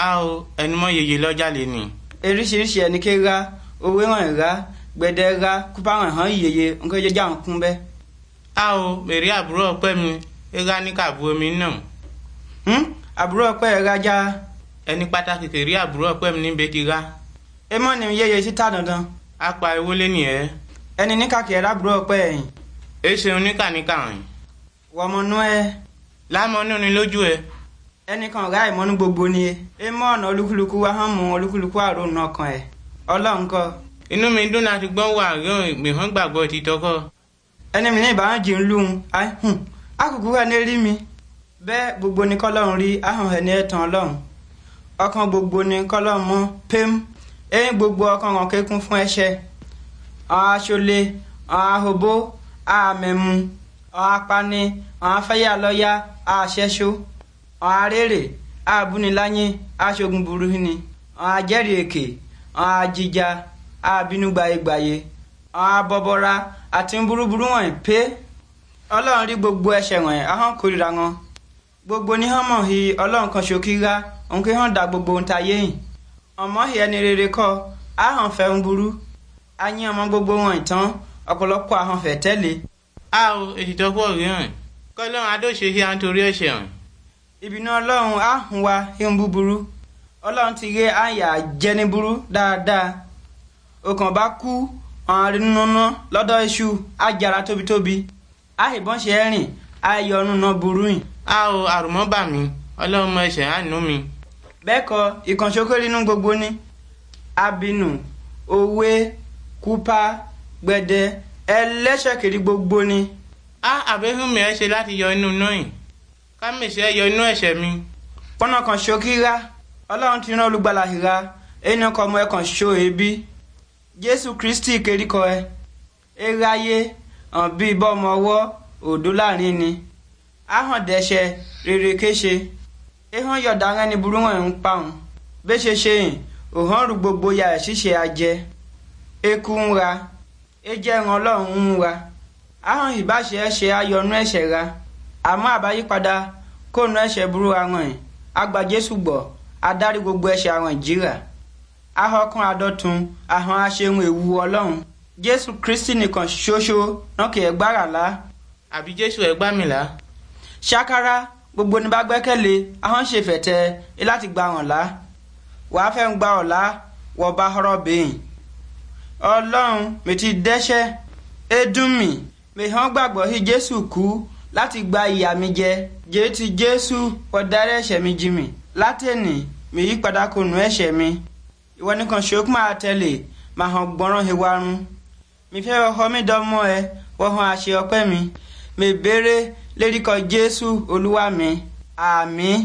a o mọ yeye lọ́jà lè nì. eríṣiríṣi ẹni ké ra owó ràn ra gbẹdẹ ra kúpa ràn hàn yeye nǹkan jẹjẹ àwọn kún bẹ. a mèrè àbúrò ọpẹ mi ra ní kàbú omi náà. àbúrò ọpẹ rajà. ẹni pàtàkì àbúrò ọpẹ mi níbi ti ra. ẹ ni yeye dandan. a pa ewó lé ẹni ọpẹ wọ́n mọ̀ nú ẹ. nínú lójú ẹ. ẹnìkan ọ̀gá ìmọ̀nú gbogbo ni e émọ̀ ọ̀nà olúkúlùkù wa hàn mú olúkúlùkù àrònú ọkàn ẹ̀ ọlọ́run kọ́. inú mi dùn láti gbọ́n wà rán ìgbìn hàn gbàgbọ́ ti tọkọ. ẹni mi ní ìbáwọn jì ń lóhun ahùn akùkù rẹ̀ ní rí mi bẹ́ẹ̀ gbogbo ni kọ́lọ́run rí ahùn ẹ̀ ní ẹ̀tàn ọlọ́run ọkàn gbogbo ni kọ́lọ́run mọ́ pẹ́m ẹ̀yìn gbogbo ọkàn hàn kékun fún ẹ̀ṣẹ̀ àwọn aṣọlé àwọn ahobo àmẹ̀mú àwọn apani àwọn afẹ́yàlọ́yà a ọ̀hárẹ̀rẹ̀ abúniláyín aṣogun burúkú ni ọ̀hájẹ́rì èkè a abínúgbayégbayé ọ̀hábọ́bọ́ra àti burúburú wọ̀nyí pé ọlọ́run rí gbogbo ẹ̀ṣẹ̀ wọ̀nyí ahọ́n kórìíra wọn gbogbo ní hàn mọ̀ hi ọlọ́run kan ṣokí rá òun kí hàn dá gbogbo ohun táyé yìí ọmọ hi ẹni rere kọ́ ahọ́n fẹ́ ń burú a yín ọmọ gbogbo wọn ìtàn ọ̀pọ̀lọpọ̀ ahọ́n fẹ́ tẹ́lẹ̀. a ò èsì tó pọ̀ rí hàn kọ́ lọ́run adóṣe ṣe à ń torí ẹ̀ṣẹ̀ hàn ìbínú ọlọ́run á hùn wa ihun búburú ọlọ́run ti ré àyà jẹniburú dáadáa okàn bá kú ọ̀hún nínú lọ́dọ̀ iṣu ajára tóbitóbi àìbọn ṣe é rìn ayọ̀ ọ̀nùnà burú yìn. a ò àrùmọ́ bà mí ọlọ́run mọ ẹ̀ṣẹ̀ àánú mi. bẹ́ẹ̀ kọ́ ìkànṣókè nínú gbogbo ní abinu owe, kupa, gbẹdẹ ẹlẹ́ṣẹ̀kiri gbogbo ní. a àbẹ́fún mi ẹ ṣe láti yọ inú náà yìí ká mèsì ẹyọ inú ẹ̀ṣẹ̀ mi. pọ́nà kan ṣo kíra ọlọ́run ti rán olùgbàlà ìra ẹni ọkọ ọmọ ẹ kan ṣo ẹbí jésù kristi ìkéríkọ ẹ eré ayé hàn bíi bọ́ọ̀mọ ọwọ́ òdo láàrin ni ahàn dẹ́ṣẹ̀ rere kéṣe ehàn yọ̀dá rẹ́ ni burú hàn ń pa hàn bẹ́ẹ̀ ṣe ṣe yìn òhàn rú gbogbo yàrá ṣíṣe ajẹ́ eku ń ra ejẹ́ ẹran ọlọ́run ń ra ahàn ìbáṣe ẹ ṣe ayọ̀nú ẹ̀ṣẹ̀ ra àmọ́ àbáyípadà kóònù ẹ̀ṣẹ̀ burú àwọn ẹ̀ àgbà Jésù gbọ́ adarí gbogbo ẹ̀ṣẹ̀ àwọn ìjírà ahọ́kan adọ́tun ahọ́n aṣeun èwu Ọlọ́run Jésù Kristi nìkan ṣoṣo ránkì ẹ̀gbára lá. àbí Jésù ẹ̀gbá mi lá. ṣàkàrà gbogbo ní bá gbẹ́kẹ̀lé ahọ́n ṣe fẹ̀tẹ̀ ẹ láti gba wọn lá wàá fẹ́ ń gba ọ̀la wọ́n bá ọ̀rọ̀ bẹ́ẹ̀ Ọlọ́run mi ti dẹ́ṣẹ̀ ẹ dùn mí mi hàn gbàgbọ́ sí Jésù kú láti gba ìyà mi jẹ jẹ́ ti Jésù wọ́n dárí ẹ̀ṣẹ̀ mi jì mí látẹ̀nì mi yí padà kò nù ẹ̀ṣẹ̀ mi ìwọ nìkan ṣe ó máa tẹ̀lé máa hàn gbọ́ràn ìwarun mi fẹ́ ọkọ mi dánmọ ẹ wọ́n hàn àṣẹ ọpẹ́ mi mi béèrè lórúkọ Jésù Olúwa mi àmín.